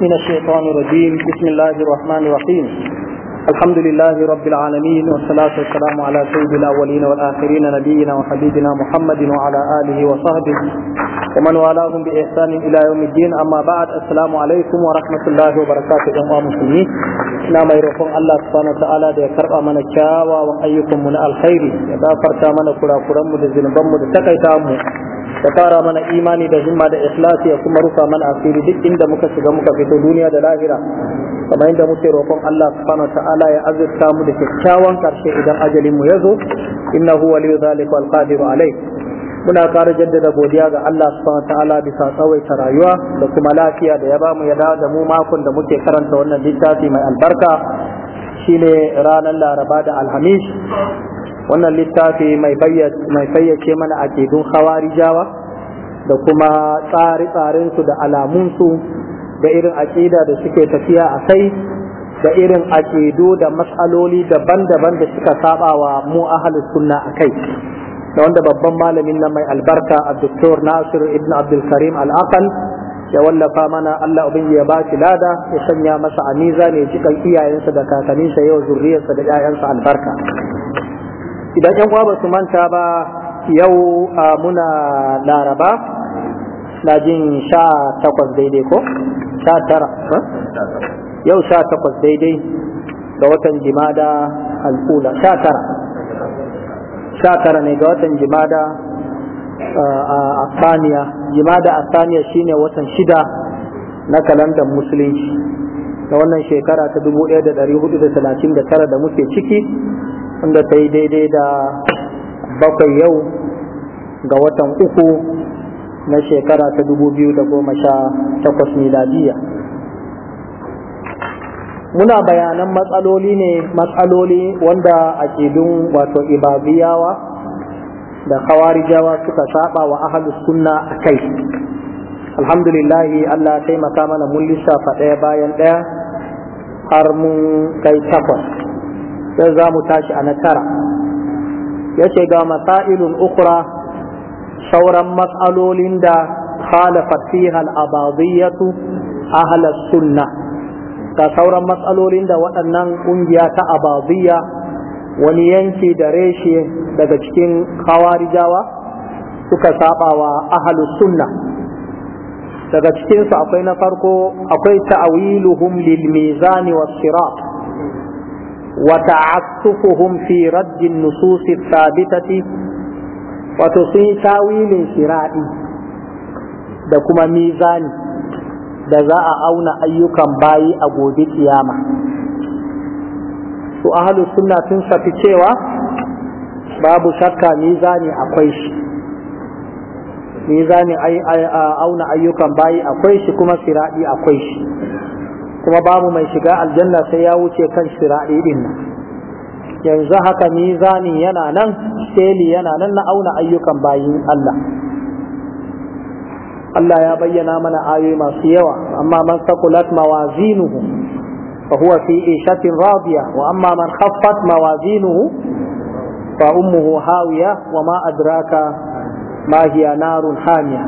من الشيطان الرجيم بسم الله الرحمن الرحيم الحمد لله رب العالمين والصلاة والسلام على سيد الأولين والآخرين نبينا وحبيبنا محمد وعلى آله وصحبه ومن والاهم بإحسان إلى يوم الدين أما بعد السلام عليكم ورحمة الله وبركاته أمام المسلمين نعم يرحم الله سبحانه وتعالى دي كرأ من الشاوى وأيكم من الخير يدافر تامن كرا كرم مدزين بمد تقيتامه ya fara mana imani da himma da ikhlasi ya kuma rufa mana asiri duk inda muka shiga muka fito duniya da lahira kamar inda muke roƙon Allah subhanahu ta'ala ya azurta mu da kyakkyawan karshe idan ajalin mu yazo innahu waliyyu zalika wal qadiru alayh muna ƙara jaddada godiya ga Allah subhanahu ta'ala bisa tsawaita rayuwa da kuma lafiya da ya ba mu ya da mu makon da muke karanta wannan littafi mai albarka shine ranar laraba da alhamis wannan littafi mai fayyace mana akidun rijawa da kuma tsare-tsarensu da alamunsu da irin aƙida da suke tafiya a kai da irin aƙidu da matsaloli daban-daban da suka saba wa mu ahalus sunna a kai da wanda babban malamin na mai albarka a doktor Nasiru ibn abdulkarim al'aqal ya wallafa mana allah ubin ya ba shi lada ya sanya masa aniza ne jikan iyayensa da kakanninsa yau zurriyarsa da 'ya'yansa albarka idan yan uwa ba su manta ba yau a muna laraba na jin sha takwas daidai ko sha tara yau sha takwas daidai ga watan jimada al'ula sha tara sha tara ne ga watan jimada a asaniya jimada asaniya shine watan shida na kalandar musulunci da wannan shekara ta 1439 da muke ciki wanda ta yi daidai da bakwai yau ga watan uku na shekara ta dubu biyu da goma sha takwas miladiya muna bayanan matsaloli ne matsaloli wanda a akidun wato ibabiyawa da kawarijawa suka saba wa ahalus sunna a kai alhamdulillahi allah taimaka mana mun lissafa ɗaya bayan ɗaya har mun kai takwas sai za mu tashi a na tara ya ce ga masailun ukura sauran matsalolin da khalafat fiha al-abadiyatu ahla sunna ga sauran matsalolin da waɗannan ƙungiya ta abadiyya wani yanki da reshe daga cikin kawarijawa suka saba wa ahlus sunna daga cikinsu akwai na farko akwai ta'awiluhum lil mizani was sirat وتعسفهم في رد النصوص الثابتة وتصي تاويل شرائي da kuma mizani da za a auna ayyukan bayi a gobe kiyama su ahalus sunna sun shafi cewa babu shakka mizani akwai shi mizani auna ayyukan bayi akwai shi kuma siradi akwai shi kuma babu mai shiga aljanna sai ya wuce kan shira'i din nan yanzu haka mizani yana nan sheli yana nan na auna ayyukan bayin Allah Allah ya bayyana mana ayoyi masu yawa amma man sakulat mawazinuhu fa huwa fi ishatin radiya wa amma man khaffat mawazinuhu fa ummuhu hawiya wa ma adraka ma hiya narun hamiya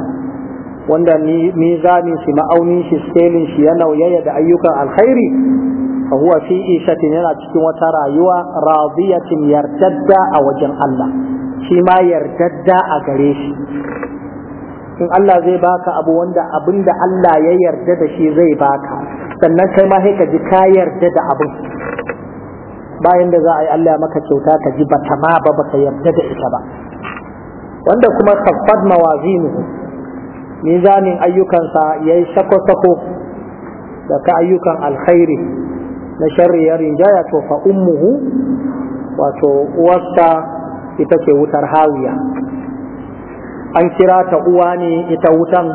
wanda mizanin shi ma'aunin shi shi ya nauyaya da ayyukan alkhairi fa huwa fi ishatin yana cikin wata rayuwa radiyatin yardadda a wajen Allah shi ma yardadda a gare shi in Allah zai baka abu wanda abinda Allah ya yarda da shi zai baka sannan kai ma ka ji ka yarda da abin bayan da za a yi Allah maka kyauta ka ji bata ma ba baka yarda da ita ba wanda kuma khaffad mawazinu mizanin ayyukansa ya yi sako-sako da ka ayyukan alkhairi na sharriyar rinjaya to fa ummuhu wato uwarsa ita ke wutar hawiya an kira ta uwa ne ita wutan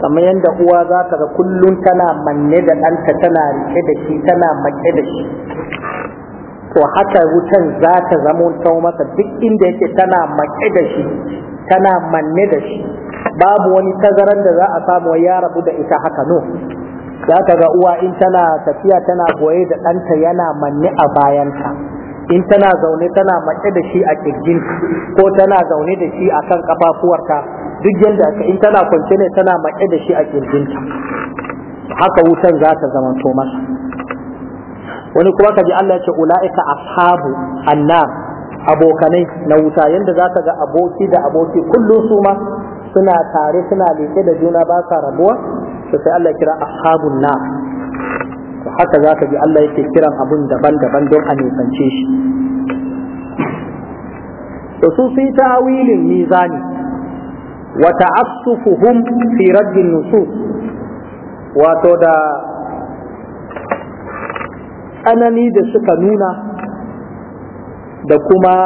kamar yadda uwa za ta ga kullum tana manne da ɗanta tana rike da shi tana maƙe da shi to haka wutan za ta zama ta masa duk inda yake tana maƙe da shi tana manne da shi babu wani tazaran da za a samu ya rabu da ita haka no za ka ga uwa in tana tafiya tana goye da ɗanta yana manne a bayanta in tana zaune tana mace da shi a kirjin ko tana zaune da shi a kan duk yadda aka in tana kwance ne tana mace da shi a kirjinta haka wutan za ta zama to masa wani kuma ka ji Allah ya ce ula'ika ashabu annar abokanai na wuta yadda za ka ga aboki da aboki kullum su ma suna tare suna leke da juna ba sa rabuwa to sai Allah kira ashabun na to haka za ka ji Allah yake kiran abun daban-daban don a nisance shi to su su yi mizani wa ta'assufuhum fi raddin nusus wato da tsanani da suka nuna da kuma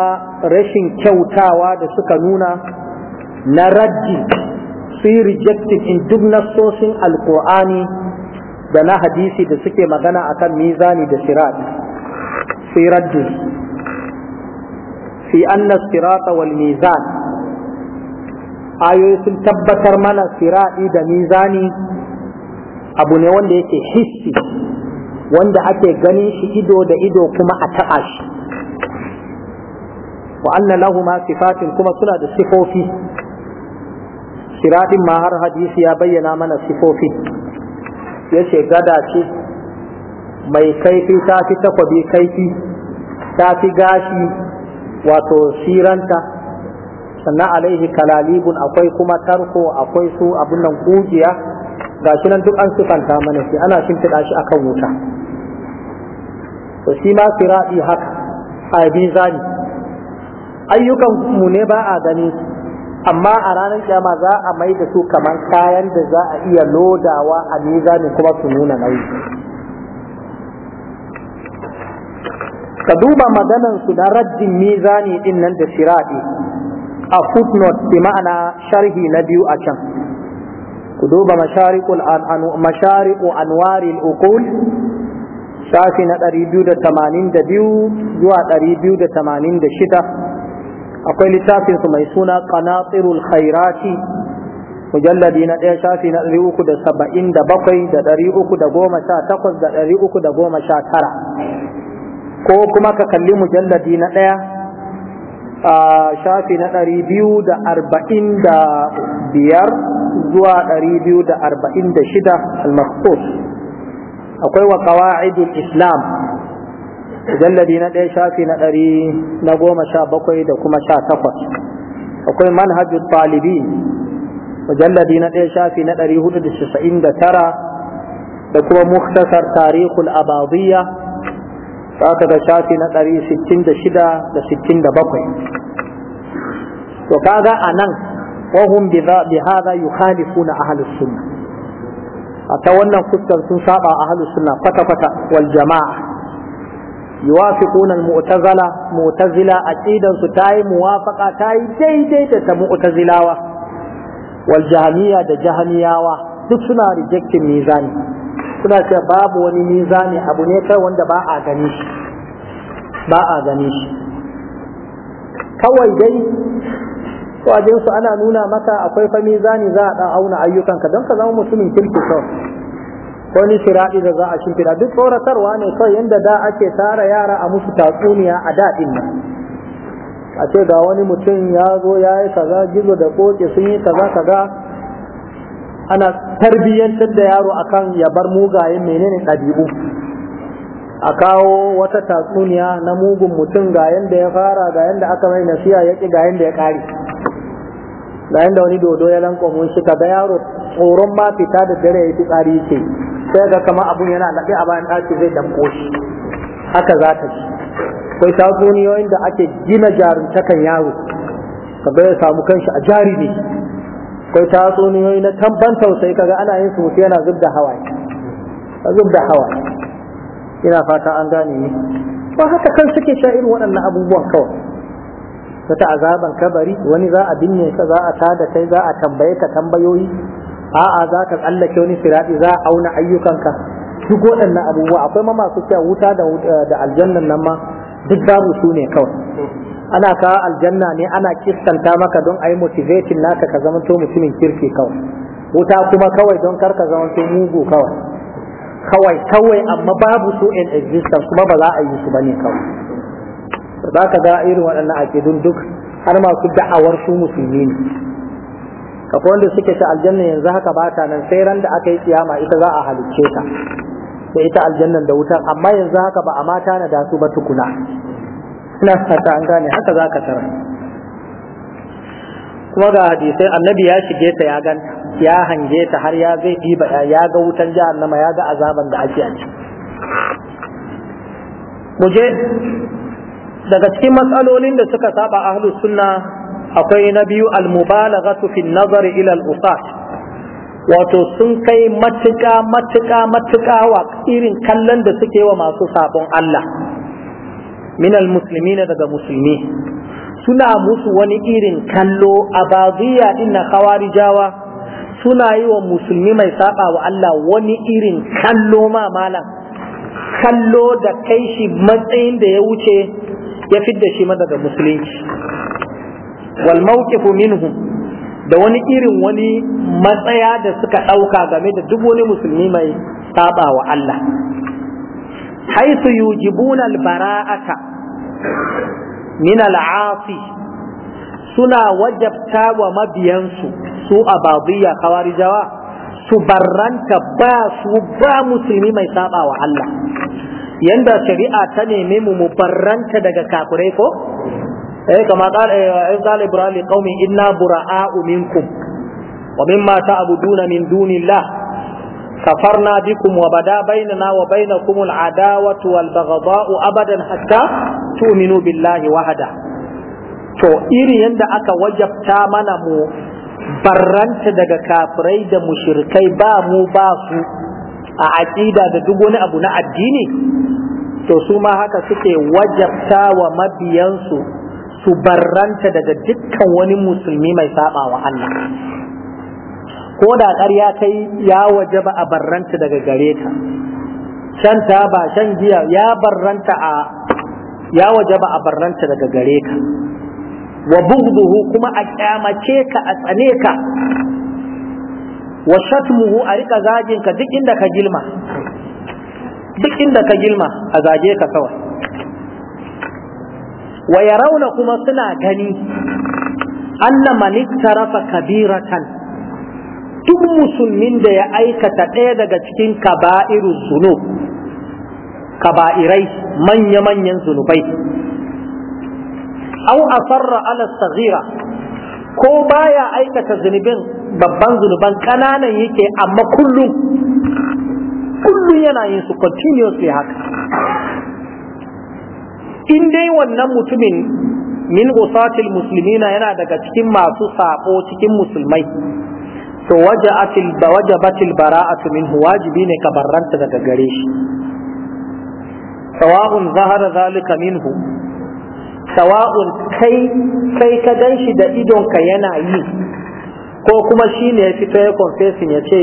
rashin kyautawa da suka nuna na raddi su yi rejected in duk nassosin alkur'ani da na hadisi da suke magana akan mizani da sirat su yi raddi fi anna sirata wal mizan ayoyi sun tabbatar mana sirati da mizani abu ne wanda yake hissi wanda ake ganin shi ido da ido kuma a taɓa shi wa lahu ma sifatin kuma suna da sifofi Kiraɗin ma har hadisi ya bayyana mana sifofi ya ce gada ce mai kaifi ta fi takwabi kaifi ta fi gashi wato siranta sannan alaihi kalalibun akwai kuma tarko akwai su abun nan kujiya shi nan duk an sifanta mana shi ana shimfiɗa shi akan wuta to shi ma sirati haka a ayyukan mu ne ba a ganin su amma a ranar kyama za a mai da su kamar kayan da za a iya lodawa a mizani kuma su nuna nauyi ka duba maganan su na rajin mizani din nan da shiraɗi a footnote bi ma'ana sharhi na biyu a can ku duba mashariƙu anwarin ukul shafi na 282 zuwa 286 akwai littafin su mai suna qanatirul khairati mujalladi na ɗaya shafi na ɗari uku da saba'in da bakwai da ɗari uku da goma sha takwas da ɗari uku da goma sha tara ko kuma ka kalli mujalladi na ɗaya a shafi na ɗari biyu da arba'in da biyar zuwa ɗari biyu da arba'in da shida al akwai wa qawa'idul islam mujalladi na ɗaya shafi na ɗari na goma sha bakwai da kuma sha takwas akwai manhajul talibi mujalladi na ɗaya shafi na ɗari hudu da casa'in da tara da kuma muktasar tarihul abadiyya saka da shafi na ɗari sittin da shida da sittin da bakwai to kaga a nan wahum bi hada yukhalifuna ahlus sunna a ta wannan fuskar sun saba ahlus sunna kwata-kwata wal jama'a يوافقون المعتزلة معتزلة عقيدا ستاي موافقة تاي دي دي تتا معتزلاوة والجهمية دا جهمياوة duk suna rejectin mizani suna cewa babu wani mizani abu ne kai wanda ba a gani ba a gani kawai dai wajen ana nuna maka akwai fa mizani za a auna ayyukanka don ka zama mutumin kirki wani firaɗi da za a shimfiɗa duk tsoratarwa ne kawai yadda da ake tara yara a musu tatsuniya a daɗin nan a ce ga wani mutum ya zo ya yi kaza gizo da koke sun yi kaza kaza ana tarbiyyantar da yaro akan ya bar mugayen menene ɗabi'u a kawo wata tatsuniya na mugun mutum ga yadda ya fara ga yadda aka mai nasiya ya ƙi ga yadda ya ƙare ga yadda wani dodo ya lankwamo shi kaga yaro tsoron ma fita da dare ya fi tsari ce sai ga kama abun yana laɓe a bayan ɗaki zai damƙo shi haka za ta ji akwai tatsuniyoyin da ake gina jarumtakan yaro ka ya samu kanshi a jari ne akwai tatsuniyoyi na tamban tausayi kaga ana yin su yana zub da hawaye zub da hawaye ina fata an gane ni ba haka kan suke sha irin waɗannan abubuwan kawai wata azaban kabari wani za a binne ka za a tada kai za a tambaye ka tambayoyi a'a za ka tsallake wani sirati za a auna ayyukanka duk waɗannan abubuwa akwai ma masu cewa wuta da eh, aljannan nan ma duk babu su ne kawai ana kawo aljanna ne ana kistanta maka don a yi motivating naka ka to mutumin kirki kawai wuta kuma kawai don kar ka zamanto mugu kawai kawai kawai amma babu su in existence kuma ba za a yi su bane kawai za ka ga irin waɗannan akidun duk har masu da'awar su musulmi ne akwai wanda suke ta aljanna yanzu haka ba ta nan sai ran da aka yi kiyama ita za a halicce ta da ita aljannan da wutar amma yanzu haka ba a mata na da su ba tukuna ina fata an gane haka za ka tara kuma ga hadisai annabi ya shige ta ya ganta ya hange ta har ya zai ɗiba ya ga wutan jahannama ya ga azaban da ake a ciki mu je daga cikin matsalolin da suka saba ahlus sunna akwai na biyu almubalaghatu fi nazari ila al-usat wato sun kai matuƙa matuƙa matuƙa wa irin kallon da suke wa masu sabon Allah min na daga musulmi suna musu wani irin kallo a baziya inna khawarijawa suna yi wa musulmi mai saba wa Allah wani irin kallo ma malam kallo da kai shi matsayin da ya wuce ya fidda shi ma daga musulunci wal mawqifu da wani irin wani matsaya da suka ɗauka game da duk wani musulmi mai saba wa Allah haythu yujibuna al bara'ata min al suna wajabta wa mabiyansu su ababiyya kawarijawa su barranta ba su ba musulmi mai saba Allah yanda shari'a ta neme mu mu barranta daga kafirai ko eh kama qala eh, eh qala ibrahim qaumi inna bura'a'u minkum wa mimma ta'buduna min dunillah kafarna bikum wa bada bainana wa bainakum al'adawatu wal baghdha'u abadan hatta tu'minu billahi wahda to iri yanda aka wajabta mana mu barranta daga kafirai da mushirkai ba mu ba su a aƙida da duk wani abu na addini to su ma haka suke wajabta wa mabiyansu su barranta daga dukkan wani musulmi mai saba wa Allah ko da ƙarya kai ya waje ba a barranta daga gare ta shan ba shan giya ya barranta a ya waje ba a barranta daga gare ka wa bughduhu kuma a kyamace ka a tsane ka wa shatmuhu a rika zagin ka duk inda ka gilma duk inda ka gilma a zage ka kawai wa yarawna kuma suna gani anna man iktarafa kabiratan duk musulmin da ya aikata ɗaya daga cikin kaba'iru zunub kaba'irai manya-manyan zunubai au asarra ala saghira ko baya aikata zunubin babban zunuban kananan yake amma kullum kullum yana yin su continuously haka in dai wannan mutumin min gusatil muslimina yana daga cikin masu sako cikin musulmai to waja'atil wajabatil bara'atu minhu wajibi ne ka barranta daga gare shi sawa'un zahara zalika minhu sawa'un kai kai ka ganshi da idonka yana yi ko kuma shi ne ya fito ya confessing ya ce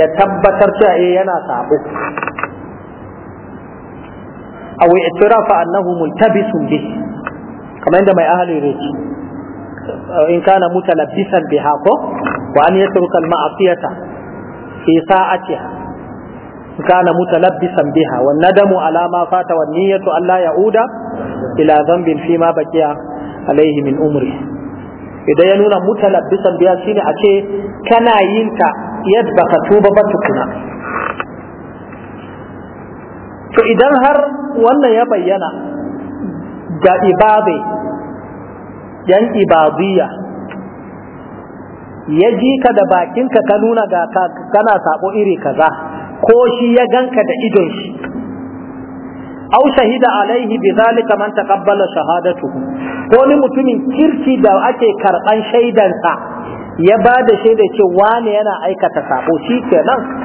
ya tabbatar cewa eh yana sabo aw i'tirafa annahu multabisun bihi kamar yadda mai ahli yake in kana mutalabbisan biha ko wa an yatruka al-ma'siyata fi sa'atiha kana mutalabbisan biha wan nadamu ala fata wan niyyatu an la ya'uda ila dhanbin fi ma umri idan ya nuna mutalabbisan biha shine a ce kana yin ta yadda ka tuba ba tukuna to idan har wannan ya bayyana ga ibabe yan ibabiyya ya ji ka da bakinka ka nuna ga kana sabo iri kaza ko shi ya ganka da idon shi au shahida alaihi bi zalika man taqabbala shahadatuhu ko ni mutumin kirki da ake karban shaidansa ya ba da shaida ce wane yana aikata sabo shi kenan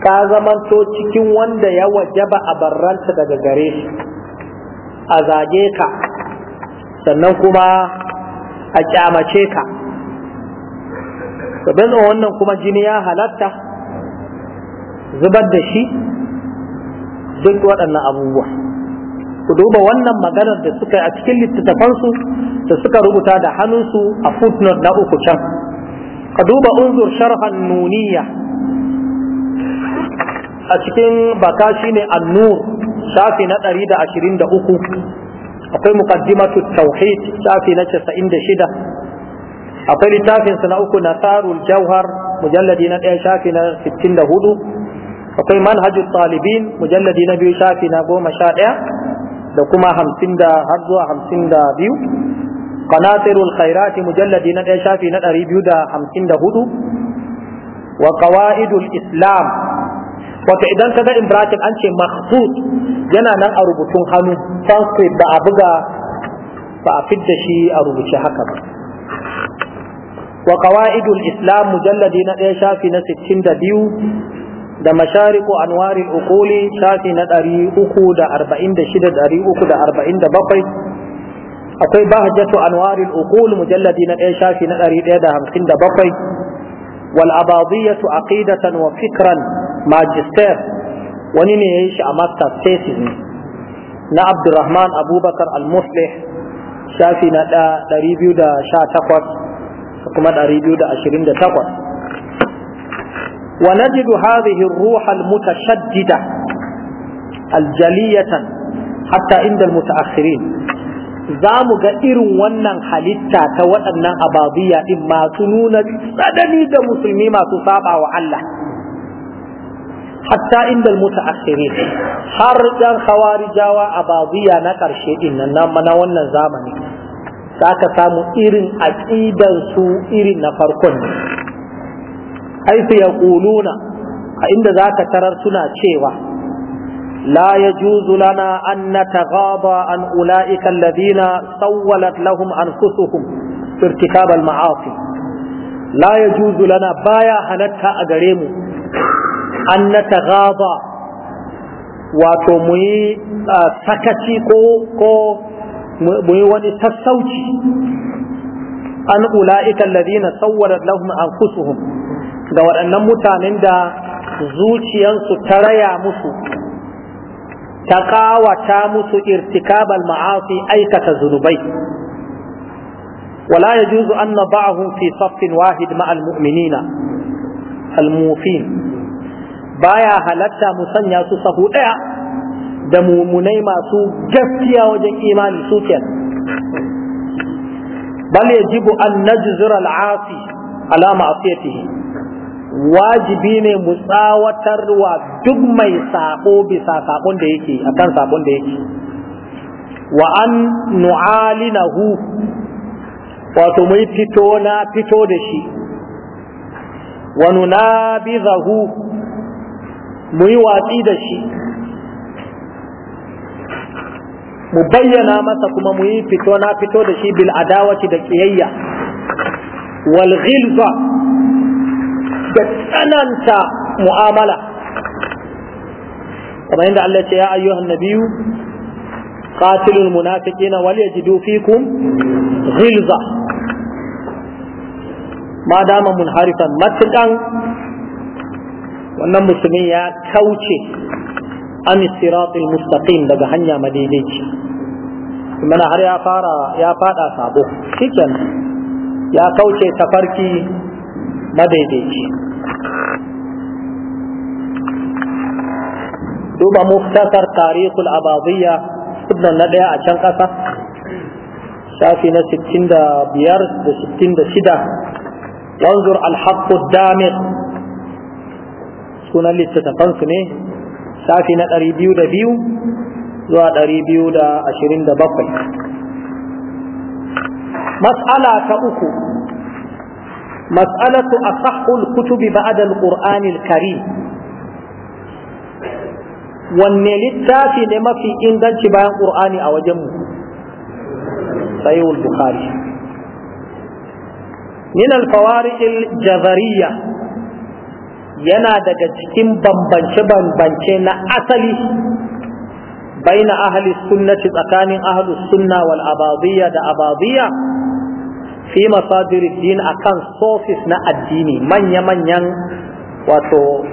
ka zamanto cikin wanda ya wajaba a barranta daga gare shi a zage ka sannan kuma a kyamace ka to bin wannan kuma jini ya halatta zubar da shi duk waɗannan abubuwa ku duba wannan maganar da suka a cikin littattafansu da suka rubuta da hannunsu a footnote na uku can ka duba unzur sharhan nuniya a cikin baka ne annur shafi na 123 akwai muqaddimatu tauhid shafi na 96 akwai littafin sa na uku na sarul jawhar mujalladi na 1 shafi na 64 akwai manhajut talibin mujalladi na biyu shafi na 11 da kuma hamsin da har zuwa hamsin da biyu qanatirul khairati mujalladi na ɗaya shafi na ɗari biyu da hamsin da hudu wa qawaidul islam wato idan ka ga in bracket an ce mahfud yana nan a rubutun hannu sanskrit ba a buga ba a fidda shi a rubuce haka ba wa qawaidul islam mujalladi na ɗaya shafi na 62 da mashariku anwarin ukuli shafi na 346-347 akwai bahjatu anwarin ukul mujalladi na ɗaya shafi na 157 wal abadiyatu aqidatan wa fikran magister wani ne ya yi shi a master thesis ne na abdurrahman abubakar al-muslih shafi na 218 da kuma 228 ونجد هذه الروح المتشددة hatta inda عند المتأخرين za mu ga irin wannan halitta ta waɗannan ababiya din masu nuna tsanani da musulmi masu saba wa Allah hatta inda mutaassirin har dan khawarijawa ababiya na karshe din nan na wannan zamani zaka samu irin aqidan su irin na farkon haifu yaquluna a inda zaka tarar suna cewa لا يجوز لنا أن نتغاضى عن أولئك الذين سولت لهم أنفسهم في ارتكاب المعاصي لا يجوز لنا بايا هلتها أجريمو an na tagaba wato mu yi sakaci ko mu yi wani sassauci an ula'ika alladhina sawwarat lahum anfusuhum ga waɗannan mutanen da zuciyarsu ta raya musu ta kawata musu irtikabal ma'asi aikata zunubai Wala يجوز أن نضعهم في صف واحد مع المؤمنين الموفين baya halatta mu sanya su sahu daya da mumunai masu gaskiya wajen imani su ke bal yajibu an najzura al'asi ala ma'asiyatihi wajibi ne mu tsawatar wa duk mai sako bisa sakon da yake akan sakon da yake wa an nu'alinahu wato mu fito na fito da shi wa nunabizahu mu yi watsi da shi mu bayyana masa kuma mu yi fito na fito da shi bil adawati da kiyayya wal ghilza da tsananta mu'amala kamar yadda Allah ce ya ayyuhan nabiyu qatilul munafiqina wal yajidu fikum ghilza ma dama munharifan matukan wannan musulmin ya kauce an siratul mustaqim daga hanya madaidaici mana har ya fara ya fada sabo shiken ya kauce tafarki madaidaici duba muftasar tarihul abadiyya sunan na daya a can kasa shafi na 65 da 66 wanzur al-haqqu damir sunan littattafansu ne safi na ɗari biyu da biyu zuwa ɗari biyu da ashirin da bakwai mas'ala ta uku mas'alatu asahhul kutubi ba'da al karim wanne littafi ne mafi inganci bayan ƙur'ani a wajenmu sahihul bukhari min al-fawariq al yana daga cikin bambance-bambance na asali baina ahli sunnati tsakanin ahli sunna wal da abadiyya fi masadir akan sofis na addini manya-manyan wato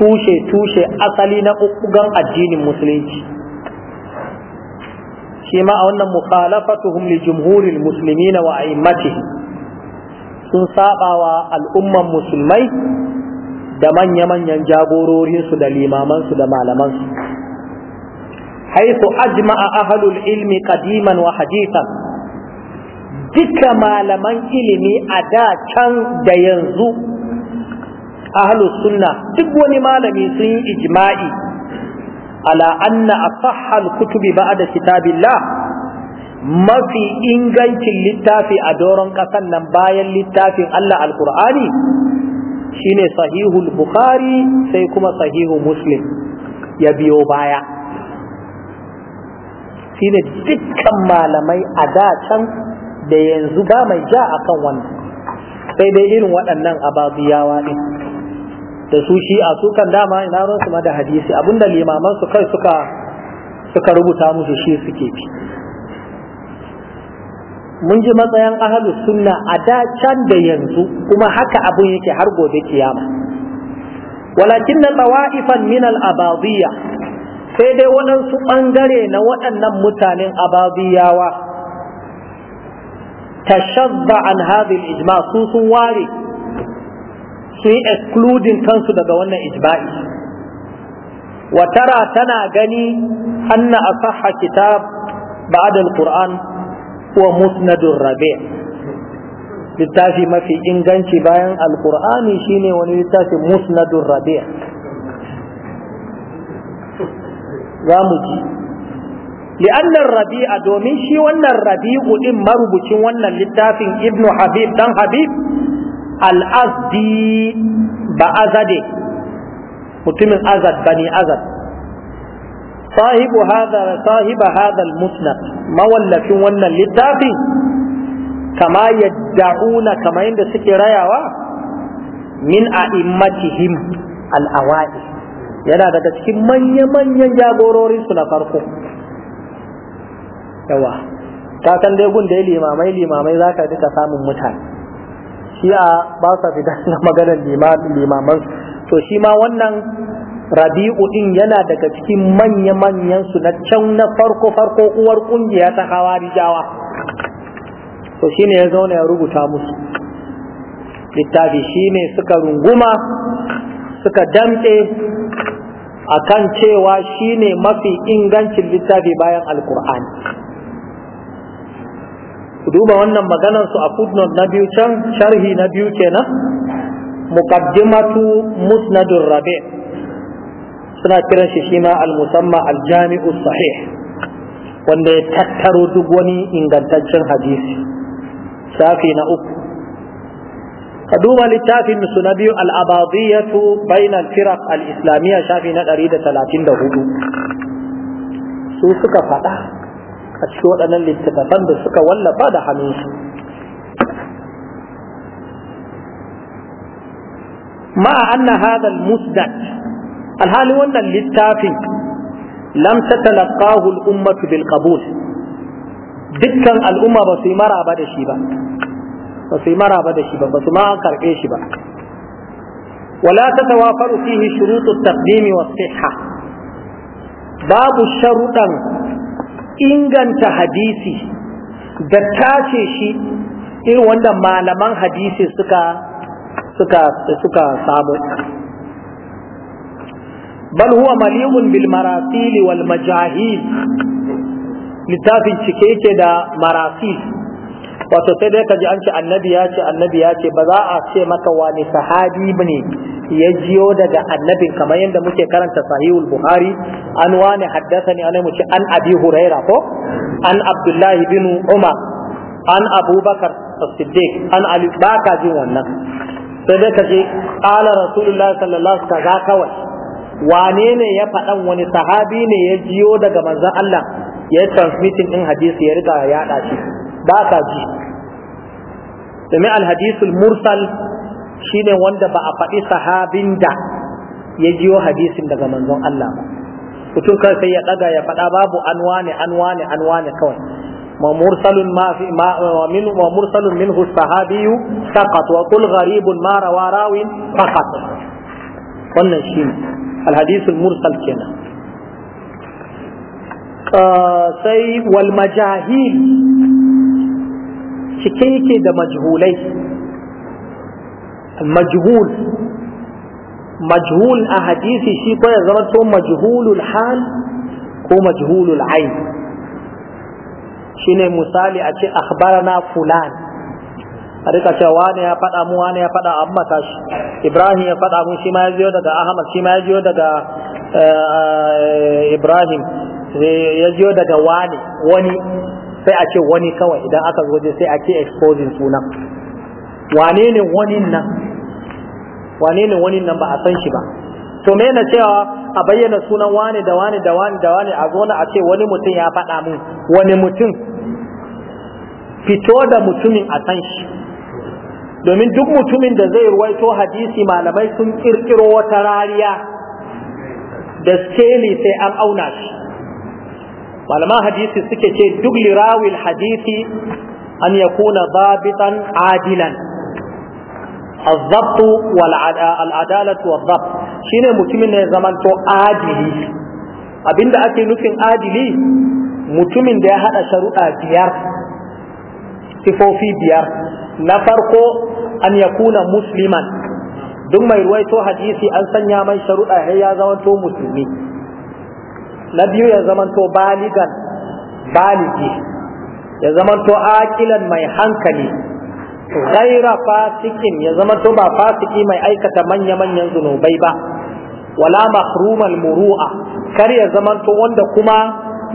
tushe-tushe asali na ukugan addinin musulunci shi ma a wannan mukhalafatuhum li jumhuril muslimina wa a'immati sun saba wa al'umman musulmai da manya-manyan jagororinsu da limamansu da malamansu Haifu ajma'a ahalul ilmi ƙadiman wa hadithan duka malaman ilimi a da can da yanzu ahalus sunna duk wani malami sun yi ijma'i ala anna asahhal kutubi da kitabillah mafi ingancin littafi a doron ƙasan nan bayan littafin Allah alkur'ani shine sahihul bukhari sai kuma sahihu muslim ya biyo baya shine dukkan malamai a da can da yanzu ba mai ja a kan wannan sai dai irin waɗannan ababiyawa ne. da su shi a sukan dama ina ransu ma da hadisi abinda limaman su kai suka suka rubuta musu shi suke fi mun ji matsayin ahlu sunna a da can da yanzu kuma haka abun yake har gobe kiyama walakin na tsawa'ifan min al'abadiyya sai dai waɗansu ɓangare na waɗannan mutanen abadiyawa tashazza an hadhihi ijma su sun ware su yi excluding kansu daga wannan ijma'i wa tara tana gani anna asaha kitab ba'da al-qur'an wa musnadur rabi' littafi mafi inganci bayan alqur'ani shine wani littafi musnadur rabi' za mu ji li'annan rabi'a domin shi wannan rabi'u din marubucin wannan littafin ibnu habib dan habib al-azdi ba azade mutumin azad bani azad sahibu hadha sahiba hadha mawallafin wannan littafin kama yad'una kama yadda suke rayawa min a'immatihim al-awai yana daga cikin manya-manyan jagororin na farko yawa ka san dai gun da limamai limamai zaka duka samun mutane shi a ba sa fita na maganar limaman to shi ma wannan rabi'u din yana daga cikin manya-manyan su na can na farko-farko uwar kungiya ta hawarijawa to shine ya zauna ya rubuta musu littafi shine suka runguma suka damɗe akan cewa shine mafi ingancin littafi bayan alkur'ani duba wannan maganar su a footnote na biyu can sharhi na biyu kenan muqaddimatu musnadur rabi' suna kiran shi shi ma al-musamma al-jami'u sahih wanda ya tattaro duk wani ingantaccen hadisi safi na uku ka duba littafin su na biyu al-abadiyatu bainal firaq al-islamiyya shafi na 134 su suka faɗa a cikin waɗannan littattafan da suka wallafa da hannunsu anna hadha al المسند alhali wannan littafin lam tatalaqahu al-ummatu bil qabul dukkan al'umma ba su yi maraba da shi ba ba su yi maraba da shi ba ba su ma karbe shi ba wala tatawafaru fihi shurutu taqdimi was sihha babu sharudan inganta hadisi da tace shi irin wanda malaman hadisi suka suka suka samu bal huwa maliyun bil marasil wal majahil littafin cike yake da marasil wato sai dai ka ji an ce annabi ya ce annabi ya ce ba za a ce maka wani sahabi ne ya jiyo daga annabin kamar yadda muke karanta sahihul buhari an wani haddasa ne an mu ce an abi huraira ko an abdullahi bin umar an abubakar siddiq an ali ba ka jin wannan sai dai ka ji qala rasulullah sallallahu alaihi wasallam kaza kawai wane ne ya faɗan wani sahabi ne ya jiyo daga manzon Allah ya yi transmitting din hadisi ya riga ya yaɗa shi ba ka ji domin alhadisul mursal shine wanda ba a faɗi sahabin da ya jiyo hadisin daga manzon Allah ba mutum kan sai ya ɗaga ya faɗa babu an wane an wane an wane kawai ma mursalun ma fi ma min wa mursalun minhu sahabiyyu saqat wa qul gharibun ma rawa rawin faqat wannan ne. الحديث المرسل كنا سي والمجاهيل شكيكي دا مجهولي المجهول مجهول أحاديث شيء كويس زمانته مجهول الحال هو مجهول العين شنو مثالي أخبرنا فلان a rika cewa wane ya fada mu wane ya fada amma shi ibrahim ya fada mu shi ma ya jiyo daga ahmad shi ma ya jiyo daga eh, ibrahim eh, ya jiyo daga wane wani sai a ce wani kawai idan aka zo je sai a ce exposing suna wane ne wani nan wane ne wani nan ba a san shi ba to me na cewa a bayyana sunan wane da wane da wane da wane a zo na a ce wani mutum ya fada mu wani mutum fito da mutumin a san shi domin duk mutumin da zai ruwaito hadisi malamai sun kirkiro wata rariya da skeli sai an auna shi malaman hadisi suke ce duk lirawil hadisi an yakuna babitan adilan الضبط والعدالة Shi shine mutumin ne zamanto adili abinda ake nufin adili mutumin da ya hada saruɗa biyar sifofi biyar na farko an yakuna musliman duk mai ruwaito hadisi an sanya mai sharuɗa har ya zamanto musulmi na biyu ya zamanto baligan baligi ya zamanto akilan mai hankali ghaira fasikin ya zamanto ba fasiki mai aikata manya-manyan zunubai ba wala mahrumal muru'a kar ya zamanto wanda kuma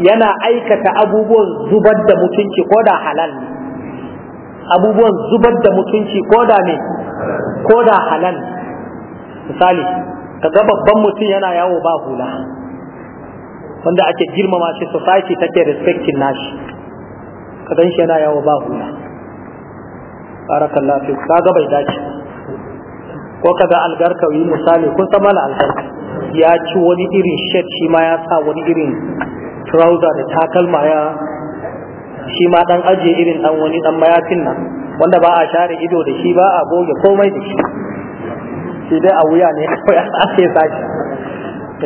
yana aikata abubuwan zubar da mutunci ko da halal abubuwan zubar da mutunci ko da ne ko da halal misali ga babban mutum yana yawo ba hula wanda ake girmama shi society take respecting nashi kadan shi yana yawo ba hula barakallahu fi kaga bai dace ko kaga algarkawi misali kun san mala algarka ya ci wani irin shirt shi ma ya sa wani irin trouser da takalma ya shi ma dan ajiye irin dan wani dan mayafin nan wanda ba a share ido da shi ba a goge komai da shi shi dai a wuya ne kawai ake sashi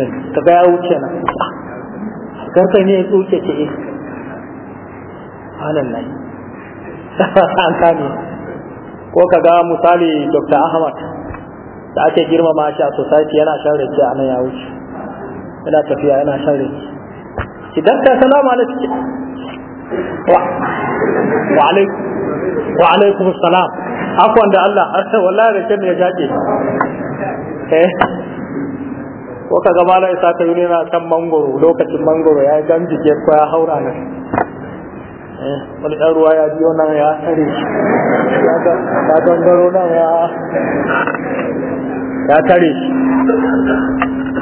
eh, ta ga ya wuce na garka ne ya tsuke ce eh halin nan an kame ko ka ga misali dr ahmad da ake girmama shi a society yana shan rake a nan ya wuce yana tafiya yana shan rake idan ka salama alaikum wa alaikum salam afwan da Allah wallahi da kyan ya jaje eh ko ka ga mala isa ta yuni na kan mangoro lokacin mangoro ya gan jike ko ya haura ne? eh wani dan ruwa ya biyo nan ya tare ya ga ta nan ya ya tare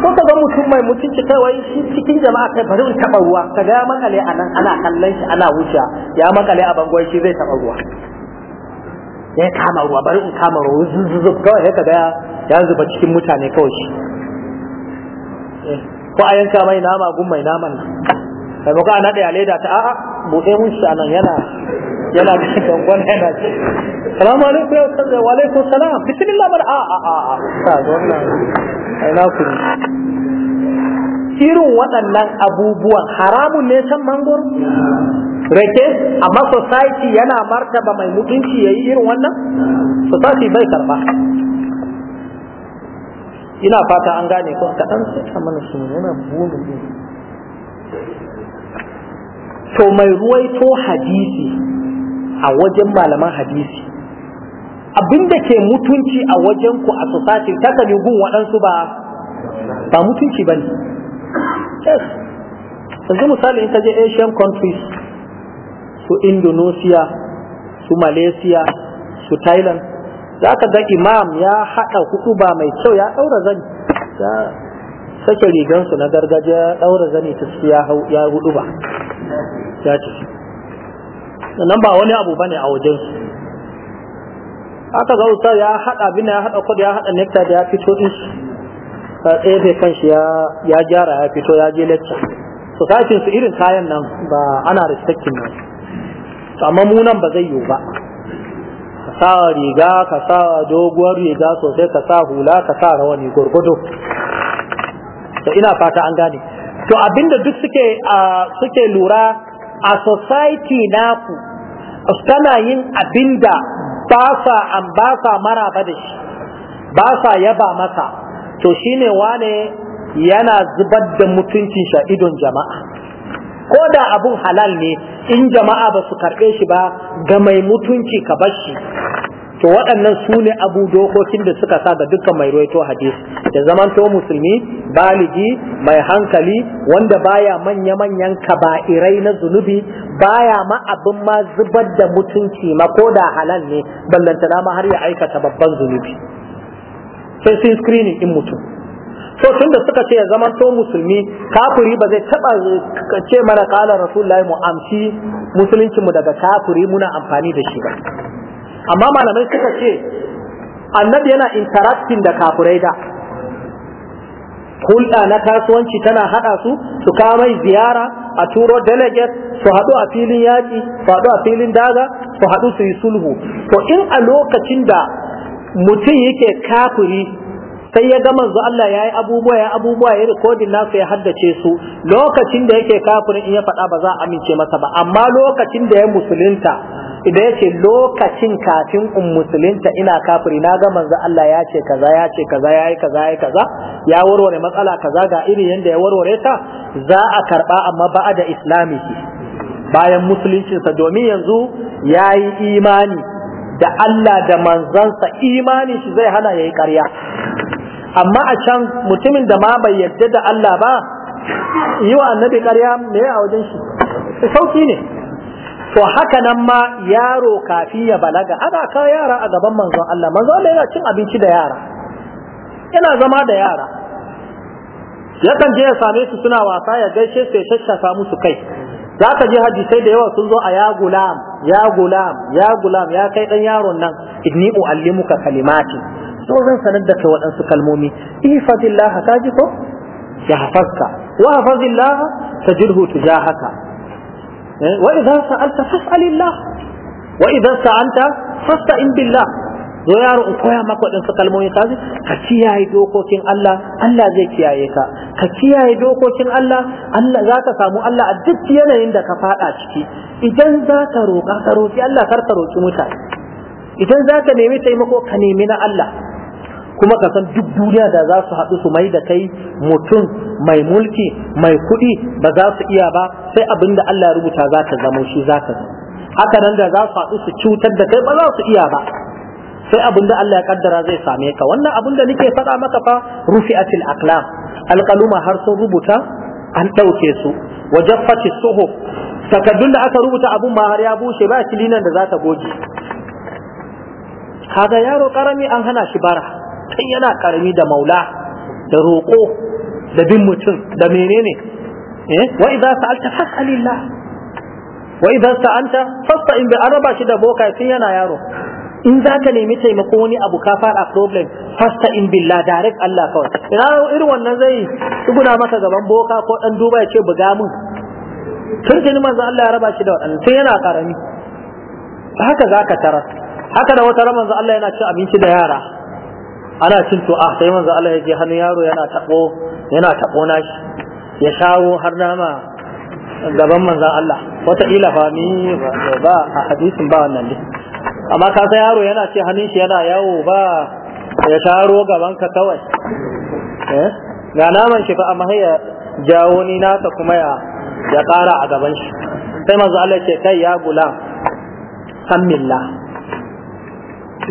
ko ka ga mutum mai mutunci kai wai cikin jama'a kai bari in taba ruwa ka ga makale a nan ana kallon shi ana wuce ya makale a bangon shi zai taba ruwa ya kama ruwa bari in kama ruwa zuzzuzub kawai ya kaga ya zuba cikin mutane kawai shi eh, ko a yanka mai nama gun mai naman nan kai maka ana da leda ta a'a buɗe mun shi anan yana yana da gangon yana ce salamu alaikum ya wasan wa alaikum salam bismillah bar a a a a ta wannan ina ku irin waɗannan abubuwan haramun ne san mangoro rake amma society yana martaba mai mutunci yi irin wannan society bai karba ina fata an gane ko kaɗan sai ta mana su yana buwani to mai ruwaito hadisi a wajen malaman hadisi abinda ke mutunci a wajen ku a society ta ne gun waɗansu ba ba mutunci ba ne yes yanzu misali in ka je asian countries su indonesia su malaysia su thailand za ka ga imam ya haɗa hudu ba mai kyau ya ɗaura zani ya sake rigansu na gargajiya ya ɗaura zani ta ya hudu ba ya ci nan ba wani abu bane a wajen su aka ga usta ya hada abin ya hada kudi ya hada nectar da ya fito din shi ka tsefe kan shi ya gyara ya fito ya je lecture society su irin kayan nan ba ana respecting nan amma mu nan ba zai yiwu ba ka sa riga ka sa doguwar riga sosai ka sa hula ka sa rawani gurgudu to ina fata an gane to abinda duk suke suke lura a society naku suna yin abin da ba sa an ba sa maraba da shi ba sa yaba masa to shi ne wane yana zubar da mutuncin sha'idun jama'a ko da abun halal ne in jama'a ba su karɓe shi ba ga mai mutunci ka bar shi to waɗannan su ne abu dokokin da suka sa ga dukkan mai ruwaito hadis da zaman to musulmi baligi mai hankali wanda baya manya manyan kaba'irai na zunubi baya ma abin ma zubar da mutunci ma ko da halal ne ballantana ma har ya aikata babban zunubi sai sun screening in mutum so da suka ce ya zaman to musulmi kafuri ba zai taba ce mana kala rasulullahi mu amshi musulunci mu daga kafuri muna amfani da shi ba amma malamai suka ce annabi yana interacting da kafurai da hulɗa na kasuwanci tana haɗa su su mai ziyara a turo delegate su haɗu a filin yaƙi su haɗu a filin daga su haɗu su yi sulhu to in a lokacin da mutum yake kafuri sai ya ga manzo Allah ya yi abubuwa ya abubuwa ya rikodin nasu ya haddace su lokacin da yake kafirin in ya faɗa ba za a amince masa ba amma lokacin da ya musulunta idan ya ce lokacin kafin in musulunta ina kafiri na ga manzo Allah ya ce kaza ya ce kaza ya yi kaza ya kaza ya warware matsala kaza ga irin yadda ya warware ta za a karɓa amma ba da islami bayan musuluncinsa domin yanzu ya yi imani da Allah da manzansa imani shi zai hana ya yi ƙarya amma a can mutumin da ma bai yarda da Allah ba yi wa annabi karya me a wajen shi sauki ne to haka nan ma yaro kafi ya balaga ana ka yara a gaban manzon Allah manzon Allah yana cin abinci da yara yana zama da yara yakan je ya same su suna wasa ya gaishe su ya shashafa musu kai za ka je hadisai da yawa sun zo a ya gulam ya gulam ya gulam ya kai dan yaron nan inni uallimuka kalimati to zan sanar da kai waɗansu kalmomi ihfazillah ka ji ko ya hafazka wa hafazillah tajirhu tujahaka eh, wa idza sa'alta fas'alillah wa idza sa'alta fasta'in billah zo yaro in koya maka waɗansu kalmomi ka ji ka kiyaye dokokin Allah Allah zai kiyaye ka ka kiyaye dokokin Allah Allah za ka samu Allah a duk yanayin da ka faɗa ciki idan za ka roƙa ka roƙi Allah kar ka roƙi mutane idan za ka nemi taimako ka nemi na Allah kuma ka san duk duniya da za su haɗu su mai da kai mutum mai mulki mai kuɗi ba za su iya ba sai abin da Allah ya rubuta za ka zama shi za ka zama haka nan da za su haɗu su cutar da kai ba za su iya ba sai abin da Allah ya kaddara zai same ka wannan abin da nake faɗa maka fa rufi'atil aqlam alqaluma har sun rubuta an ɗauke su wajaffati suhuf takaddun da aka rubuta abun ma har ya bushe ba kilinan da za ta goge kaga yaro karami an hana shi bara tun yana karami da maula da roƙo da bin mutum da menene eh wa idza sa'alta fas'alillah wa idza sa'anta fasta'in bi araba shi da boka tun yana yaro in za ka nemi taimako wani abu ka fara problem fasta in billah direct Allah kawai ina irin wannan zai tsuguna maka gaban boka ko dan duba ya ce buga mun tun tuni manzo Allah ya raba shi da wadannan tun yana karami haka za ka tara haka da wata ran manzo Allah yana cin abinci da yara ana cin tu'a ah, sai manzo Allah ya hannu yaro yana tabo yana tabo nashi ya shawo har nama gaban manzo Allah wata ila fa ni ba a hadisin ba wannan ne amma ka sai yaro yana ce hannun shi yana yawo ba ya taro gaban ka kawai eh ga naman shi fa amma ya jawo ni nasa kuma ya ya ƙara a gaban shi sai manzo Allah ya ce kai ya gula kammilla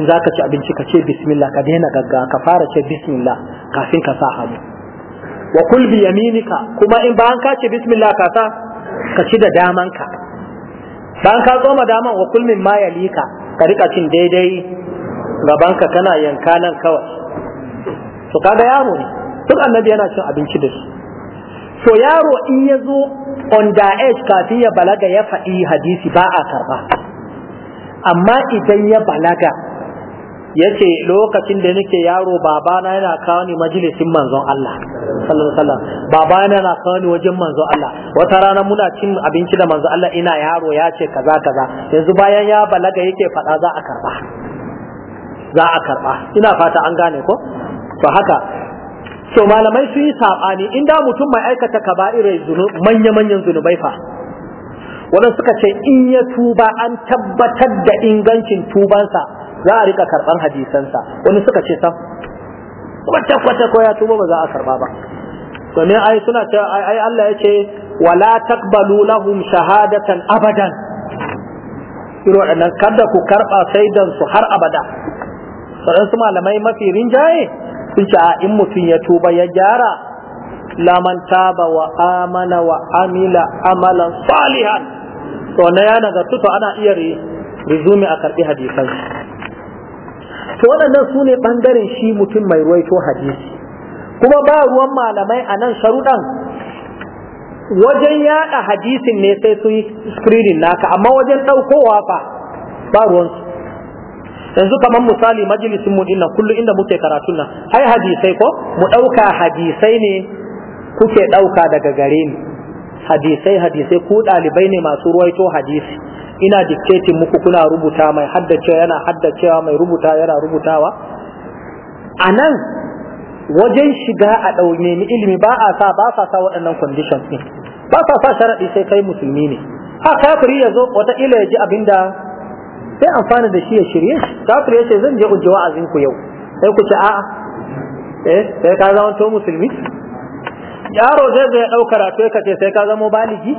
za ka ci abinci ka ce bismillah ka daina gagga ka fara ce bismillah kafin ka sa hannu wa kul bi yaminika kuma in ba ka ce bismillah ka sa ka ci da damanka bayan ka tsoma daman wa kul min ma yalika ka rika cin daidai ka kana yanka nan kawai to kaga yaro ne duk annabi yana cin abinci da shi so yaro in ya zo on da age kafin ya balaga ya faɗi hadisi ba a karba amma idan ya balaga yace lokacin da nake yaro babana yana kawo ni majalisin manzon Allah sallallahu alaihi wasallam babana yana kawo ni wajen manzon Allah wata rana muna cin abinci da manzon Allah ina yaro ya ce kaza kaza yanzu bayan ya balaga yake faɗa za a karba za a karba ina fata an gane ko to haka to malamai sun yi sabani inda mutum mai aikata kaba'irai zunub manya manyan zunubai fa wannan suka ce in ya tuba an tabbatar da ingancin tubansa za a rika karɓar hadisansa wani suka ce sam kwata kwata ko ya tuba ba za a karba ba domin ai suna ce ai Allah ya ce wala taqbalu lahum shahadatan abadan irin waɗannan kada ku karɓa saidan su har abada su malamai mafi rinjaye sun ce a in mutum ya tuba ya gyara laman taba wa amana wa amila amalan salihan to na ya nagartu to ana iya rizumi a karɓi hadisan to waɗannan su ne ɓangaren shi mutum mai ruwaito hadisi kuma ba ruwan malamai a nan sharuɗan wajen yaɗa hadisin ne sai su yi screening naka amma wajen ɗaukowa fa ba ruwansu yanzu kamar misali majalisin mu dinnan kullum inda muke karatun nan ai hadisai ko mu ɗauka hadisai ne kuke ɗauka daga gare ni hadisai hadisai ku ɗalibai ne masu ruwaito hadisi ina dictating muku kuna rubuta mai haddacewa yana haddacewa mai rubuta yana rubutawa a nan wajen shiga a ɗaune ni ilimi ba a sa ba sa sa waɗannan conditions ɗin ba sa sa sharaɗi sai kai musulmi ne a kafiri ya zo ila ya ji abin da sai amfani da shi ya shirye shi kafiri ya ce zan je ujewa azin ku yau sai ku ce a'a eh sai ka zama to musulmi yaro zai zai ɗau karatu ka ce sai ka zama baligi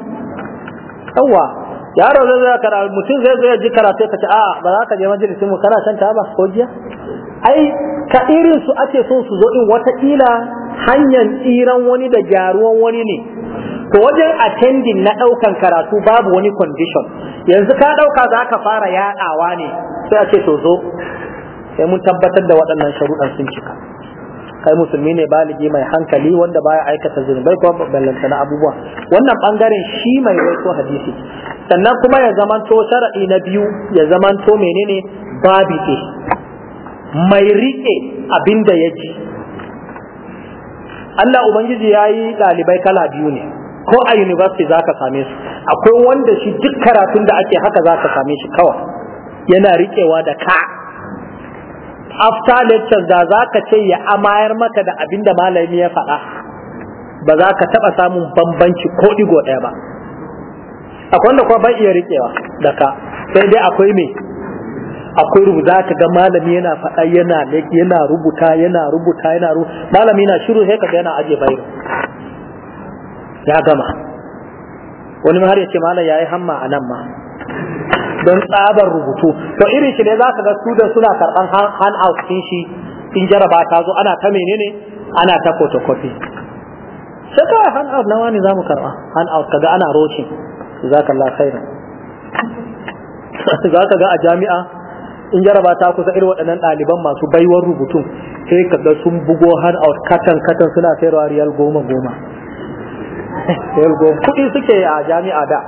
yawwa yaro zai zai karatu mutum zai zai ji karatu ka ce a ba za ka je majalisin mu kana shan taba ko jiya ai ka irin su ake so su zo in wataƙila hanyar tsiran wani da jaruwan wani ne to wajen attending na ɗaukan karatu babu wani condition yanzu ka ɗauka za ka fara yaɗawa ne sai a ce to zo sai mun tabbatar da waɗannan sharuɗan sun cika kai musulmi ne baligi mai hankali wanda baya aikata zunubai ko ballanta na abubuwa wannan bangaren shi mai waiko hadisi sannan kuma ya zamanto sharadi na biyu ya zamanto menene babike mai rike abinda ya ji Allah ubangiji ya yi ɗalibai kala biyu ne ko a university za ka same su akwai wanda shi duk karatun da ake haka za ka same shi kawai yana riƙewa da ka after lecture da za ka ce ya amayar maka da abin da malami ya faɗa ba za ka taɓa samun bambanci ko ɗigo ɗaya ba akwai wanda kuma ban iya riƙewa da ka sai dai akwai me akwai rubu za ka ga malami yana faɗa yana yana rubuta yana rubuta yana rubuta malami na shiru sai ka ga yana aje bayan ya gama wani har ya ce malam yi hamma a nan ma don tsabar rubutu to irin shi ne za ka ga student suna karɓan hand out ɗin shi in jaraba ta zo ana ta menene ana ta photocopy sai kawai hand out na wani za mu karɓa hand out kaga ana ka jazakallah khairan za ka ga a jami'a in jaraba ta kusa irin waɗannan ɗaliban masu baiwar rubutun sai ka ga sun bugo hand out katan katan suna sayarwa riyal goma goma riyal goma kuɗi suke a jami'a da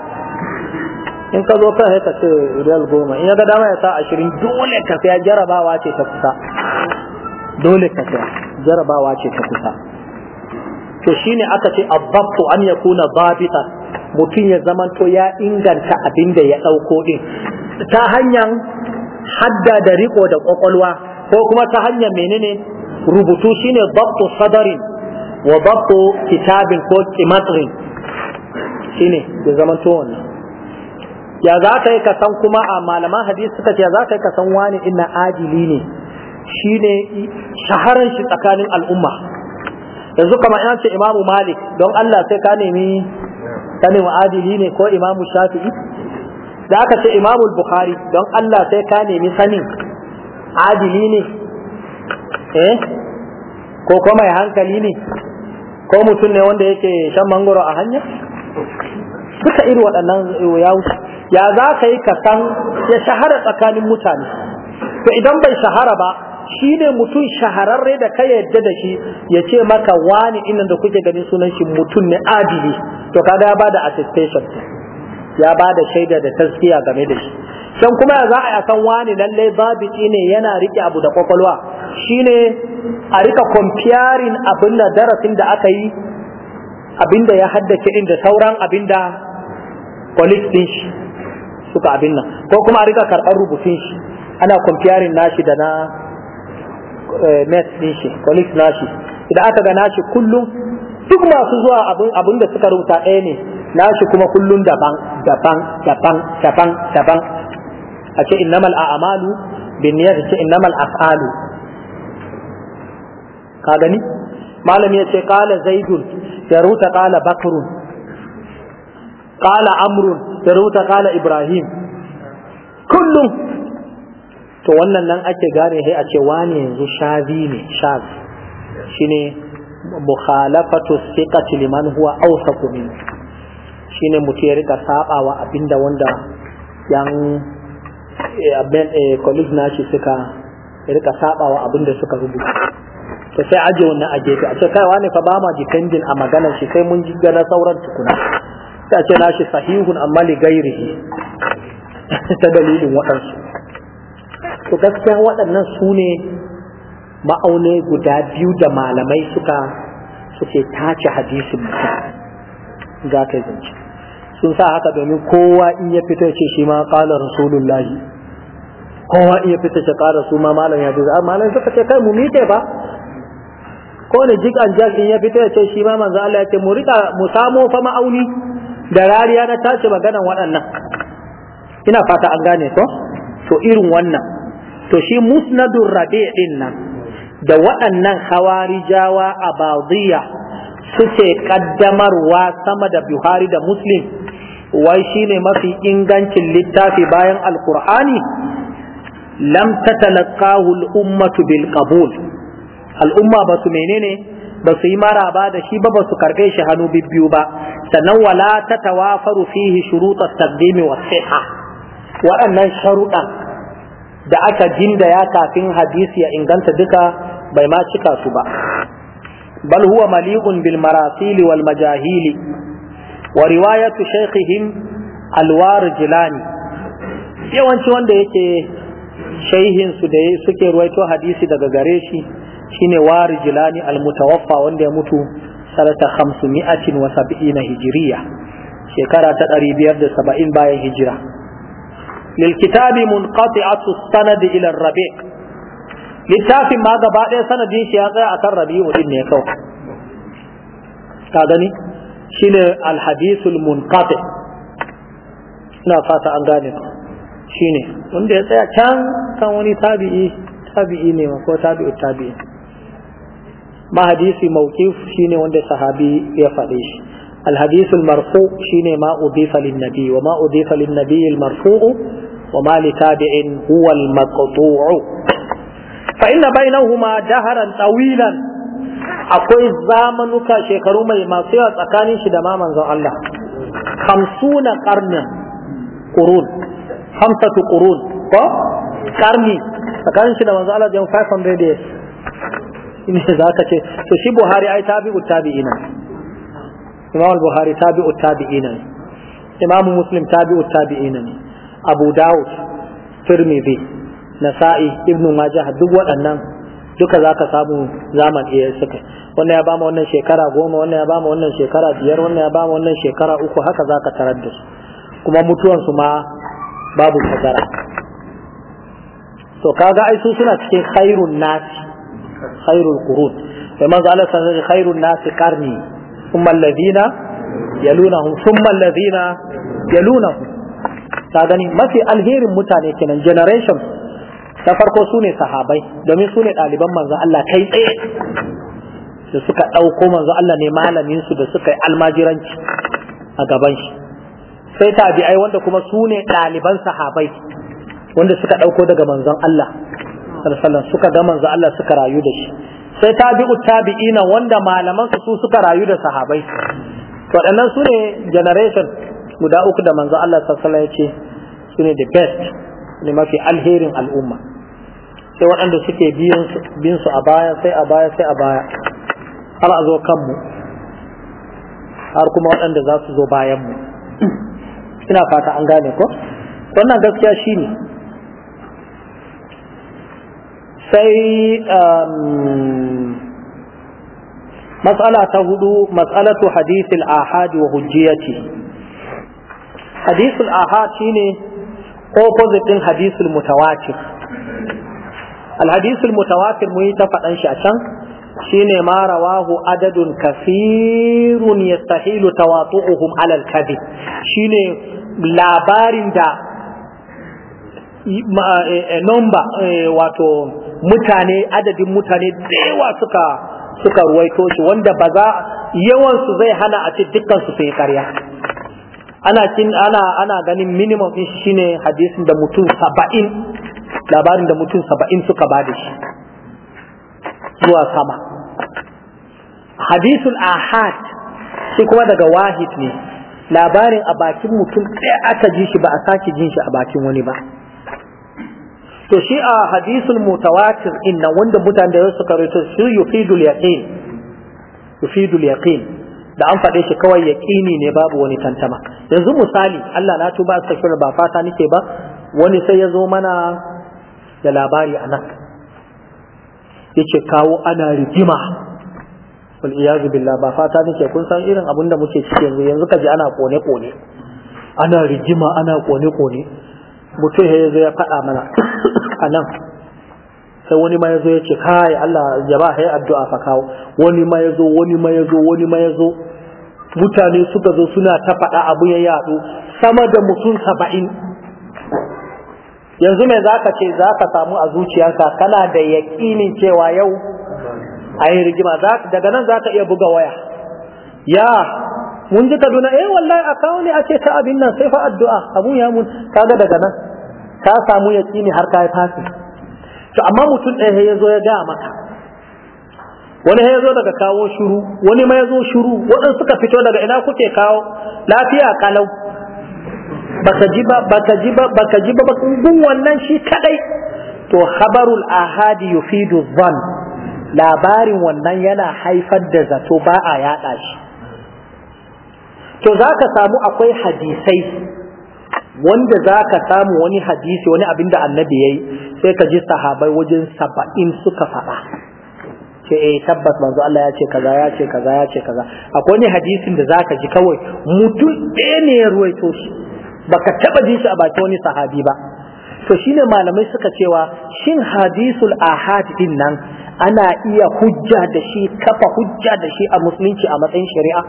in ka zo ka ka ce riyal goma in ya ga dama ya sa ashirin dole ka saya jarabawa ce ta kusa dole ka saya jarabawa ce ta kusa to shine aka ce abbatu an yakuna babita mutum ya zamanto ya inganta abin da ya ɗauko din ta hanyar hadda da riko da kwakwalwa ko kuma ta hanyar menene rubutu shine babtu sadarin wa babtu kitabin ko kimatrin shine ya to wannan ya za ka yi ka san kuma a malaman hadisi suka ce ya za ka yi ka san wani ina adili ne shi ne shaharar shi tsakanin al'umma yanzu kamar ina ce imamu malik don Allah sai ka nemi ka nemi adili ne ko imamu shafi'i da aka ce imamu bukhari don Allah sai ka nemi sanin adili ne eh ko kuma mai hankali ne ko mutum ne wanda yake shan mangoro a hanya duka iri waɗannan ya wuce ya za ka yi kasan ya shahara tsakanin mutane to idan bai shahara ba shi ne mutum shahararre da ka yadda da shi ya ce maka wani inan da kuke ganin sunan shi mutum ne adili to kaga ya ba da attestation ya ba da shaida da taskiya game da shi can kuma ya za a san wani lallai babici ne yana rike abu da kwakwalwa ne a rika comparing abin da darasin da aka yi abin da ya haddace inda sauran abin da colleagues shi suka abin nan ko kuma a rika karɓar rubutun shi ana kwamfiyarin nashi da na eh, mes din shi colleagues nashi idan aka ga nashi kullum duk masu zuwa abin da suka rubuta ɗaya ne nashi kuma kullum daban daban daban daban daban a ce innamal a'malu bin niyyat ce innamal af'alu ka gani malami ya ce qala zaidun ya rubuta qala bakrun qala amrun da rubuta kala Ibrahim kullum to wannan nan ake gane sai a ce wani yanzu shazi ne shaz shine mukhalafatu thiqati liman huwa awsaqu min shine mutum ya rika sabawa abinda wanda yan eh, abin eh, colleagues shi suka rika sabawa abinda suka rubuta to sai aje wannan a gefe a ce kai wani fa ba ma dependent a maganar shi sai mun ji na sauran tukuna sai a ce nashi sahihun amma li gairihi ta dalilin waɗansu to gaskiya waɗannan su ne ma'aune guda biyu da malamai suka suke tace hadisin mutum za ka zance sun sa haka domin kowa in ya fito ce shi ma ƙalar rasulullahi kowa in ya fito ce ƙara su ma malam ya juza malam suka ce kai mu mite ba ko ne jik an in ya fito ya ce shi ma manzo Allah ya ce mu rika mu samo fa ma'auni da rariya na tashi maganan waɗannan ina fata an gane ko to irin wannan to shi musnadun rabe din nan da waɗannan rijawa a ba'diyya suke kaddamarwa sama da buhari da muslim wai shine mafi ingancin littafi bayan alkur'ani lam tatalaqahu al-ummatu bil qabul al'umma ba su menene ba su yi maraba da shi ba ba su karbe shi hannu biyu ba sannan wala ta tawafaru fihi shuruta taqdimi wa siha waɗannan sharuɗan da aka jinda ya kafin hadisi ya inganta duka bai ma cika su ba bal huwa maliqun bil marasil wal majahili wa riwayatu shaykhihim al jilani yawanci wanda yake shaihin su da suke ruwaito hadisi daga gare shi shine Al-Mutawaffa wanda ya mutu sanata khamsumi'atin hijiriya shekara ta ɗari biyar da saba'in bayan hijira littafin ma gaba ɗaya sanadin shi ya tsaya akan rabi'u din ne kawai ka gani shine alhadithul munqati ina fata an gane ku shine wanda ya tsaya can kan wani tabi'i ne ko tabi'u Mahadisi Mauki mawqif shine wanda sahabi ya faɗe shi الحديث المرفوع شين ما أضيف للنبي وما أضيف للنبي المرفوع وما لتابع هو المقطوع فإن بينهما جهرا طويلا akwai zamanuka shekaru mai masu yawa tsakanin shi da ma manzon Allah hamsuna karnin kurun hamsatu kurun ko karni tsakanin shi da manzon Allah jan 500 years in za ka ce to shi buhari ai tabi'u tabi'ina imam al-buhari tabi'u tabi'ina ne imam muslim tabi'u tabi'ina abu daud tirmidhi nasa'i ibnu majah duk waɗannan duka za ka samu zaman iya suka wannan ya ba mu wannan shekara goma wannan ya ba mu wannan shekara biyar wannan ya ba mu wannan shekara uku haka za ka tarar da su kuma mutuwansu ma babu kadara to kaga ai su suna cikin khairun nasi khairul qurud sai manzo Allah sai khairun nasi qarni thumma alladhina yalunahum thumma alladhina yalunahum ta gani mafi alherin mutane kenan generation ta farko sune sahabai domin sune ɗaliban manzo Allah kai tsaye da suka ɗauko manzo Allah ne malamin su da suka yi almajiranci a gaban shi sai tabi'ai wanda kuma su ne ɗaliban sahabai wanda suka ɗauko daga manzon Allah sallallahu suka ga manzo Allah suka rayu da shi sai tabi'u tabi'ina wanda malaman su suka rayu da sahabai to waɗannan su ne generation guda uku da manzo Allah sallallahu alaihi ya su ne the best ne mafi alherin al'umma sai waɗanda suke biyan su a baya sai a baya sai a baya har a zo kanmu har kuma waɗanda za su zo bayanmu mu ina fata an gane ko wannan gaskiya shine sai um, matsala ta hudu matsalatu hadisul ahad wa hujjiyati hadisul ahad shine opposite din hadisul mutawatir alhadisul mutawatir mu yi ta faɗan shi a can shine ma rawahu adadun kasirun yastahilu tawatu'uhum alal kadhib shine labarin da eh, eh, number eh, wato mutane adadin mutane da yawa suka suka ruwaito shi wanda ba za yawan su zai hana a ce dukkan su sai karya ana cin ana ana ganin minimum din shi shine hadisin da mutum 70 labarin da mutum 70 suka ba da shi zuwa sama hadisul ahad shi kuma daga wahid ne labarin a bakin mutum ɗaya aka ji shi ba a sake jin shi a bakin wani ba to shi a hadisul mutawatir inna wanda mutane da suka rawaito su yufidul yaqin yufidul yaqin da an faɗe shi kawai yaqini ne babu wani tantama yanzu misali Allah na tuba astaghfir ba fata nake ba wani sai ya zo mana da labari a nan yace kawo ana rigima wal iyazu billah ba fata nake kun san irin abin da muke ciki yanzu yanzu kaji ana kone kone ana rigima ana kone kone mutum ya zo ya faɗa mana a nan sai wani ma yazo ya ce kai Allah jama'a ya addu'a fa kawo wani ma yazo wani ma yazo wani ma yazo mutane suka zo suna ta faɗa abu ya yado sama da mutum 70 yanzu mai zaka ce zaka samu a zuciyarka kana da yaƙinin cewa yau a rigima rigima daga nan zaka iya buga waya ya mun ji kaduna eh wallahi a kawo ne a ce ta abin nan sai fa addu'a abun ya mun kaga daga nan ka samu ya yaƙini har ka yi fasi to amma mutum ɗaya ya zo ya gaya maka wani ya zo daga kawo shuru wani ma ya zo shuru waɗansu suka fito daga ina kuke kawo lafiya kalau baka ji ba baka ji ba baka ji ba gun wannan shi kadai to habarul ahadi yufidu dhann labarin wannan yana haifar da zato ba a yada shi to zaka samu akwai hadisai wanda za ka samu wani hadisi wani abin da annabi ya yi sai ka ji sahabai wajen saba'in suka faɗa ce eh tabbas manzo Allah ya ce kaza ya ce kaza ya ce kaza akwai wani hadisin da za ka ji kawai mutum ɗaya ne ya ruwaito shi baka taɓa ji shi a bakin wani sahabi ba to shine malamai suka cewa shin hadisul ahad din nan ana iya hujja da shi kafa hujja da shi a musulunci a matsayin shari'a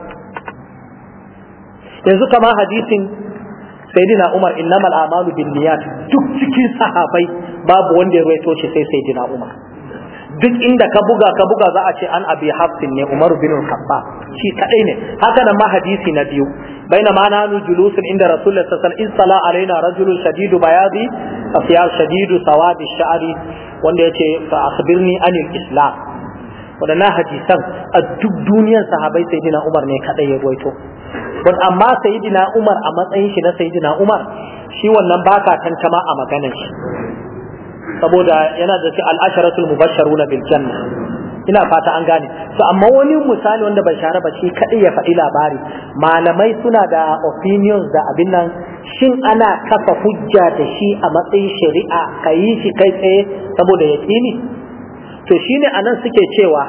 yanzu kama hadisin sayyidina Umar innamal a'malu binniyat duk cikin sahabai babu wanda ya rawaito shi sai sayyidina Umar duk inda ka buga ka buga za a ce an abi hafsin ne Umar bin Khattab shi kadai ne haka nan ma hadisi na biyu na nu julusun inda Rasulullah sallallahu alaihi wasallam alaina rajulun shadidu bayadi asiyar shadidu sawadi sha'ari wanda yace fa akhbirni anil islam waɗannan hadisan a duk duniyar sahabai dina Umar ne kadai ya ruwaito Wani amma dina Umar a matsayin shi na dina Umar shi wannan baka tantama a maganar shi saboda yana da shi al'asharatul mubashsharuna bil janna ina fata an gane to amma wani misali wanda bai share ba shi kadai ya faɗi labari malamai suna da opinions da abin nan shin ana kafa hujja da shi a matsayin shari'a yi shi kai tsaye saboda yaqini to shine anan suke cewa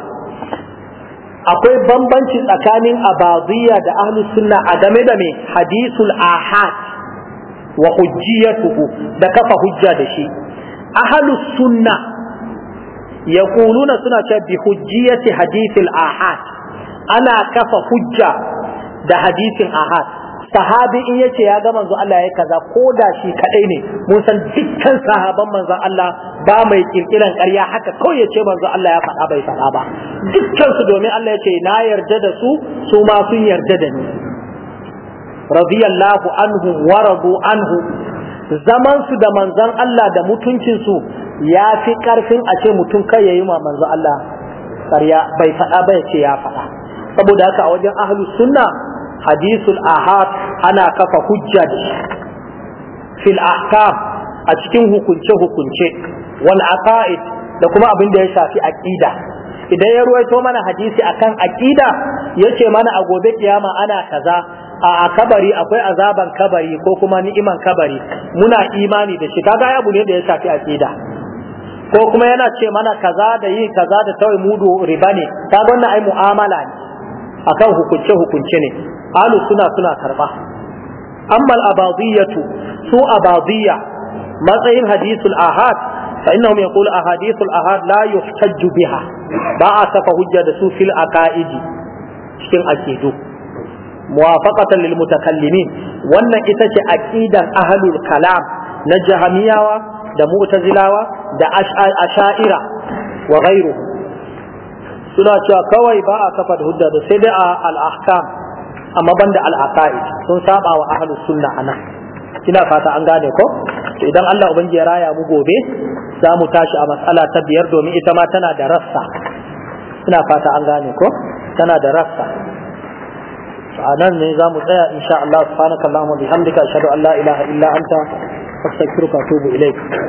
akwai bambanci tsakanin abaziya da ahlus sunna a game da mai hadisul ahad wa hujjiyatuhu da kafa hujja da shi ahlus ya yaquluna suna cewa bi hujjiyati hadisil ahad ana kafa hujja da hadisin ahad sahabi in yace ya ga manzo Allah ya kaza ko da shi kadai ne mun san dukkan sahaban manzon Allah ba mai kirkiran ƙarya haka kawai yace manzo Allah ya faɗa bai faɗa ba dukkan su domin Allah yace na yarda da su su ma sun yarda da ni radiyallahu anhu wa radu anhu zaman su da manzon Allah da mutuncin su ya fi karfin a ce mutum kai yayi ma manzo Allah ƙarya bai faɗa ba ce ya faɗa saboda haka a wajen ahlus sunna hadisul ahad ana kafa hujjar fil ahkam a cikin hukunce hukunce wal aqaid da kuma abin da ya shafi aqida idan ya ruwaito mana hadisi akan aqida yace mana a gobe kiyama ana kaza a kabari akwai azaban kabari ko kuma ni'iman kabari muna imani da shi kaga abu ne da ya shafi aqida ko kuma yana ce mana kaza da yi kaza da tawai mudu riba ne kaga wannan ai mu'amala ne akan hukunce hukunce ne alu suna suna karba amma al-abadiyatu su abadiyya matsayin hadithul ahad fa innahum yaqulu ahadithul ahad la yuhtajju biha ba a saka hujja da su fil aqaidi cikin aqidu muwafaqatan lil mutakallimin wannan ita ce aqidan ahlul kalam na jahamiyawa da mu'tazilawa da ash'aira wa ghayruhum suna cewa kawai ba a kafa da hujja da sai dai a al-ahkam amma banda al-aqaid sun saba wa ahlus sunna anan kina fata an gane ko to idan Allah ubangiji ya raya mu gobe za mu tashi a mas'ala ta biyar domin ita ma tana da rassa ina fata an gane ko tana da rassa a nan ne za mu tsaya insha Allah subhanaka Allahumma bihamdika ashhadu an la ilaha illa anta astaghfiruka wa atubu ilaik